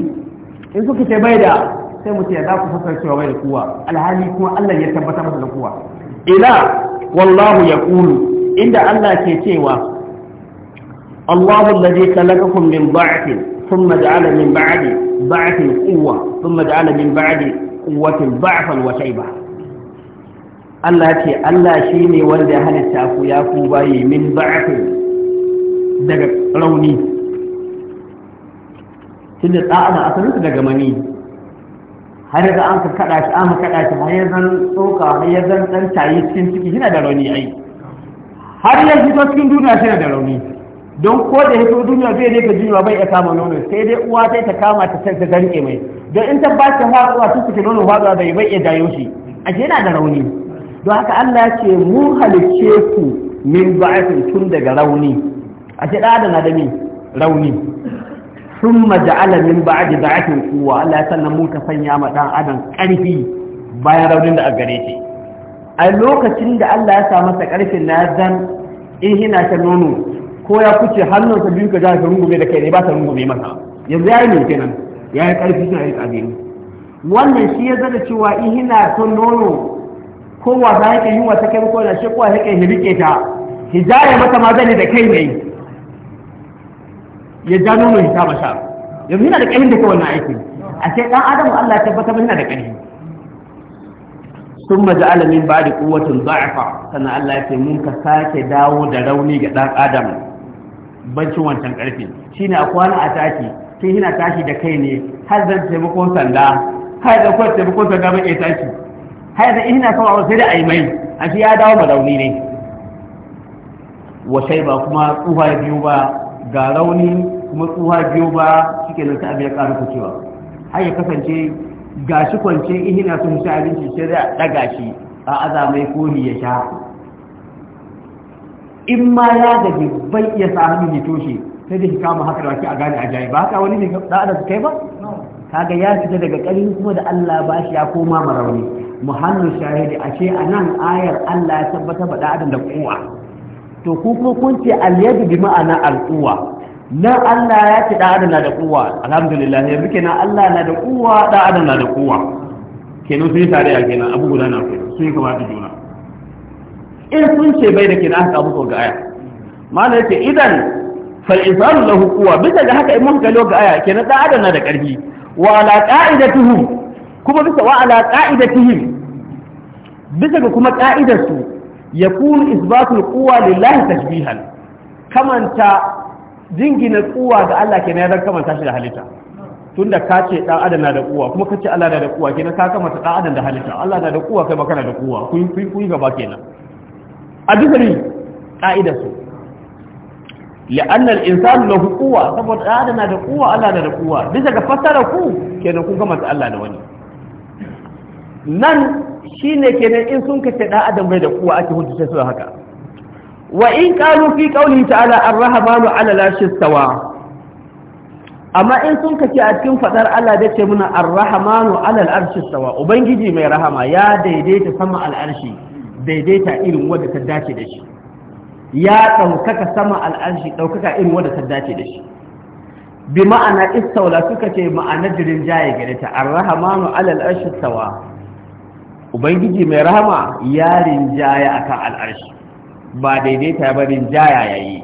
in suka ce bai da sai mu ce ya za ku fasar cewa bai da kuwa alhali kuma Allah ya tabbatar masa da kuwa ila wallahu yaqulu inda Allah ke cewa Allahu alladhi khalaqakum min dha'fin thumma ja'ala min ba'di ضعف القوة ثم جعل من بعد قوة ضعفا وشيبا Allah ce Allah shi ne wanda ya halitta ku ya ku bayi روني daga rauni tun da daga mani har yanzu an ka shi an kaɗa shi har yanzu tsoka har yanzu ɗan tayi cikin ciki shi da rauni ai har yanzu cikin duniya shi da rauni don ko da hito duniya zai ne ka juyawa bai ya kama nono sai dai uwa ta ta kama ta sai ta rike mai don in ta ba ta hatsuwa ta suke nono haɗuwa bai bai iya dayo shi ashe yana da rauni don haka Allah ya ce mu halicce ku min ba'atin tun daga rauni ce da adana da ni rauni summa ja'ala min ba'di da'atin kuwa. Allah ya sanna mu ta sanya ma dan adam karfi bayan raunin da a gare shi a lokacin da Allah ya sa masa karfin na zan in hina ta nono ko ya kuce hannunsa biyu ka ja ka rungume da kai ne ba ta rungume masa yanzu ya yi mai kenan ya yi ƙarfi suna yin tsabini wannan shi ya zada cewa in hina son nono ko wasa yake yi wata kai ko da shi ko yake hirike ta hijaya mata ma zane da kai ne ya ja nono hita sha. yanzu yana da ƙarfin da ke wannan aikin a ce ɗan adam Allah ya tabbatar yana da ƙarfi ثم جعل من بعد قوة ضعفا سنة الله يتمون كساك داو دروني قدام آدم bancin wancan karfe shine a kwana a tashi tun yana tashi da kai ne har zan taimakon sanda har da kwan taimakon sanda bai tashi har da ina kawo sai da ai mai a shi ya dawo madauni ne wasai ba kuma tsuha biyu ba ga rauni kuma tsuha biyu ba shike nan ta abin ya ƙara kucewa har ya kasance gashi kwance ihina sun sha abinci sai da daga shi a azamai ni ya sha in ma ya gaji bai iya sa hannu ne toshe sai da kama haka da wake a gane ajayi ba haka wani ne da adam kai ba kaga ya fita daga ƙarin kuma da Allah ba shi ya koma marauni muhammad shahidi a ce a nan ayar Allah ya tabbatar ba da adam da kowa to ku kuma kun ce alyadu bi ma'ana al'uwa na Allah ya ce da adam na da kowa alhamdulillah yanzu kenan Allah na da kuwa da adam na da kowa kenan sun yi tare a kenan abu guda na kai sun yi kamar da juna in sun ce bai da kina an samu ga aya malai ce idan fal insanu lahu quwa bisa ga haka in mun ga aya kenan dan adam na da karfi wa ala qa'idatuhum kuma bisa wa ala qa'idatihim bisa ga kuma ka'idar su yakunu isbatul quwa lillahi tashbihan kamanta dingina kuwa ga Allah kenan ya zan kamanta shi da halitta tunda ka ce dan adam na da kuwa kuma ka ce Allah na da kuwa kenan ka kamanta dan adam da halitta Allah na da kuwa kai ma kana da kuwa kun kun gaba kenan a dukkanin ƙa'idarsu li'annal insanu lahu quwwa saboda adam na da quwwa da quwwa bisa ga fasara ku kenan kun gama Allah da wani nan shine kenan in sun kace da bai da quwwa ake hujjace su haka wa in qalu fi qawli ta'ala ar-rahmanu 'ala al-arshi amma in sun kace a cikin fadar Allah ya ce muna ar ubangiji mai rahama ya daidaita sama al daidaita irin wadda ta dace da shi ya ɗaukaka sama al'arshi ɗaukaka irin wadda ta dace da shi bi ma'ana istaula suka ce ma'anar jirin jaye gare ta an rahamanu alal arshi sawa ubangiji mai rahama ya rinjaya akan al'arshi ba daidaita ba rinjaya yayi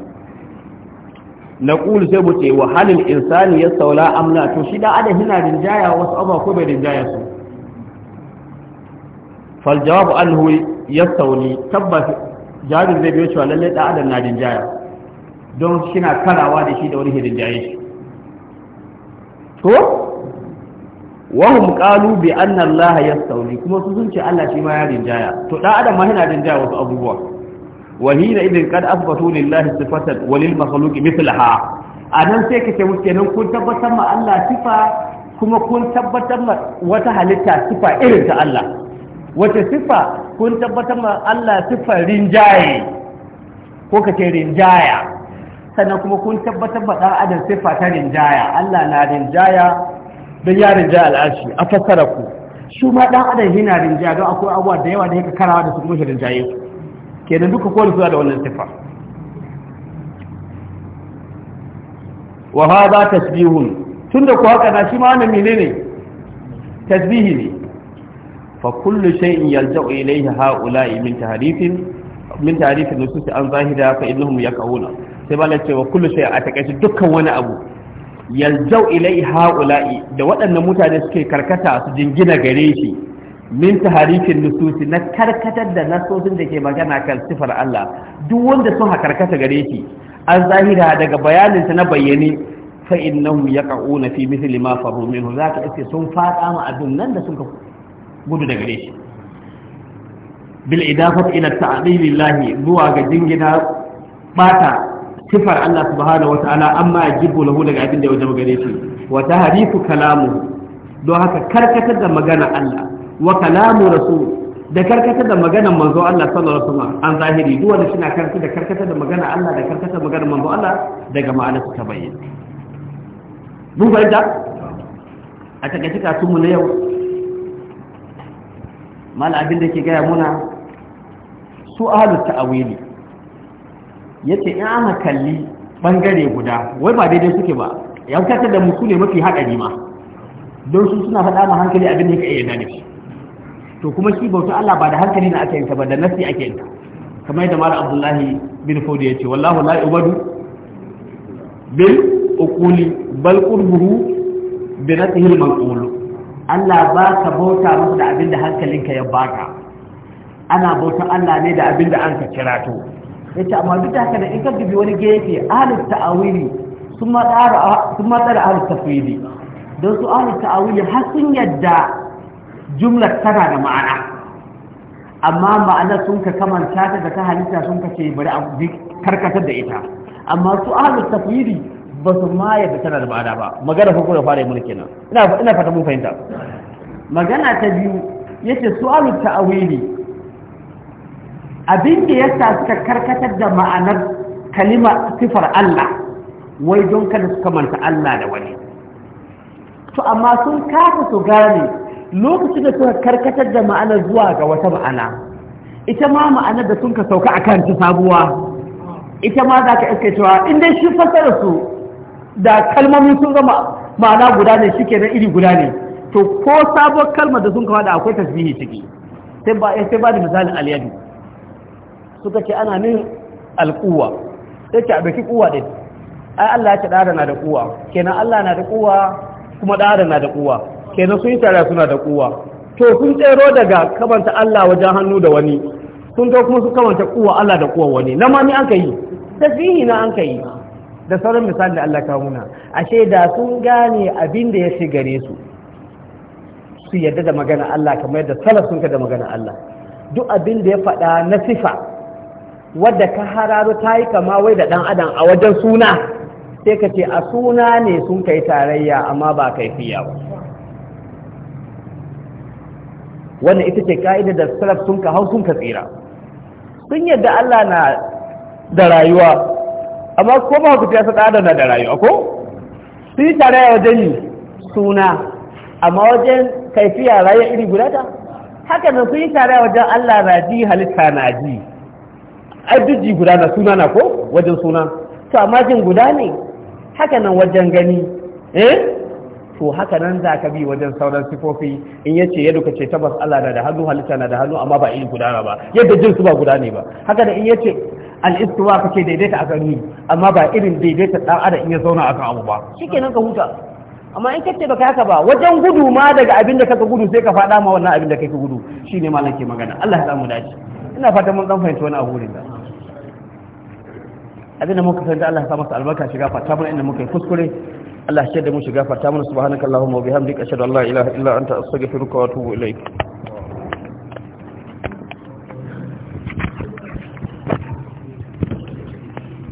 na ƙulu sai mu ce wa halin insani ya saula amna to shi da ada hina rinjaya wasu abubuwa ko bai rinjaya su fal jawabu annahu ya sauli tabbas jarin zai biyo cewa lallai da adam na rinjaya don shina karawa da shi da wani hirinjaye shi to wahum qalu bi anna allaha yastawli kuma su sun ce Allah shi ma ya rinjaya to da adam ma yana rinjaya wasu abubuwa wa hina idin kad asbatu lillahi sifatan wa lil makhluqi mithlaha anan sai kace muke nan kun tabbatar ma Allah sifa kuma kun tabbatar ma wata halitta sifa irin ta Allah wace siffa kun tabbatar ma Allah sifar rinjaye ko ka ce rinjaya sannan kuma kun tabbatar ma ɗan adam siffa ta rinjaya Allah na rinjaya don ya rinjaya al'ashi a fassara ku shi ma ɗan adam yana rinjaya don akwai abubuwa da yawa da ya karawa da su kuma shi rinjaye su kenan duka kowane suna da wannan siffa wa hada tasbihun tunda ku haka na shi ma wannan menene tasbihi ne fa kullu shay'in yalja'u ilayhi ha'ula'i min tahrifin min tahrifin nusus an zahida fa innahum yaqawuna sai bala cewa kullu shay'in a takaice dukkan wani abu yalja'u ilayhi ha'ula'i da waɗannan mutane suke karkata su jingina gare shi min tahrifin nusus na karkatar da nasosin da ke magana kan sifar Allah duk wanda sun karkata gare shi an zahira daga ta na bayyane fa ya yaqauna fi mithli ma faru minhu sun fada ma abin nan da sun gudu daga gare shi bil idafat ila ta'dilillahi zuwa ga jingina bata sifar Allah subhanahu wa ta'ala amma yajibu lahu daga abin da ya wajaba gare shi wa tahrifu kalamu don haka karkatar da magana Allah wa kalamu rasul da karkatar da magana manzo Allah sallallahu alaihi wasallam an zahiri duk wanda shina karkatar da karkatar da magana Allah da karkatar da magana manzo Allah daga ma'anarsa ta bayyana mun fahimta a takaice kasu mu na yau mal abin da ke gaya muna su ahalu ta'awili yace in aka kalli bangare guda wai ba daidai suke ba ya kace da musu ne mafi haɗari ma don su suna faɗa ma hankali abin da yake yarda da shi to kuma shi bauta Allah ba da hankali na ake yin ta ba da nafsi ake yin ta kamar da malam Abdullahi bin Fodi yace wallahu la yubadu bil uquli bal qurbuhu bi nafsihi al-manqulu Allah ba ka bauta masa da abin da hankalinka ya baka ana bautan Allah ne da abin da an ka to. ya ce amma duk haka da in ka dubi wani gefe ahalin ta'awili sun matsara ahalin tafili don su ahalin ta'awili har sun yadda jumlar tana da ma'ana amma ma'anar sun ka kamanta ta da ta halitta sun ka ce bari a karkatar da ita amma su ahalin tafili ba su ma yadda tana da ba'ada ba magana farko da fara mulki ina fata mun fahimta magana ta biyu yace su'alu ta'awili abin da sa suka karkatar da ma'anar kalima sifar Allah wai don kada suka manta Allah da wani to amma sun kasa su gane lokacin da suka karkatar da ma'anar zuwa ga wata ma'ana ita ma ma'anar da sun ka sauka akan ta sabuwa ita ma za ka iske cewa in dai shi fassara su da kalmomi sun zama ma'ana guda ne shi kenan iri guda ne to ko sabon kalmar da sun kama da akwai tasbihi ciki sai ba sai ba da misalin alyadu suka ce ana nin alquwa sai ce a baki kuwa din ai Allah ya ce dara na da kuwa kenan Allah na da kuwa kuma dara na da kuwa kenan sun yi tare suna da kuwa to sun tsero daga kamanta Allah wajen hannu da wani sun to kuma su kamanta kuwa Allah da kuwa wani na ma ni an kai tasbihi na an kai da sauran misali da Allah kawo muna ashe da sun gane abin da ya fi gare su su yadda da magana Allah kamar yadda salaf sun da magana Allah duk abin da ya faɗa na sifa wadda ka hararo ta yi kama wai da ɗan adam a wajen suna sai ka ce a suna ne sun kai tarayya amma ba kai fiya ba wannan ita ce ka'ida da salaf sun ka hau sun ka tsira sun yadda Allah na da rayuwa amma ko ba ku ta sada da da rayuwa ko su yi tare wajen suna amma wajen kaifiya rayuwa iri guda ta haka nan su yi tare wajen Allah na ji halitta na ji ai guda na suna na ko wajen suna to amma jin guda ne haka nan wajen gani eh to haka nan za ka bi wajen sauran sifofi in yace ya duka ce tabbas Allah na da hannu halitta na da hannu amma ba iri guda ba yadda jin su ba guda ne ba haka da in yace al-istiwa kake daidaita a gari amma ba irin daidaita ɗan adam in ya zauna a kan abu ba shikenan ka huta amma in kace baka haka ba wajen gudu ma daga abin da kaka gudu sai ka faɗa ma wannan abin da kake gudu shine malam ke magana Allah ya samu dace ina fatan mun dan fahimci wani abu da abin da muka fahimta Allah ya sa masa albarka shiga fata mun inda muka yi kuskure Allah ya shaida mu shiga fata mun subhanakallahumma wa bihamdika ashhadu an la ilaha illa anta astaghfiruka wa atubu ilaik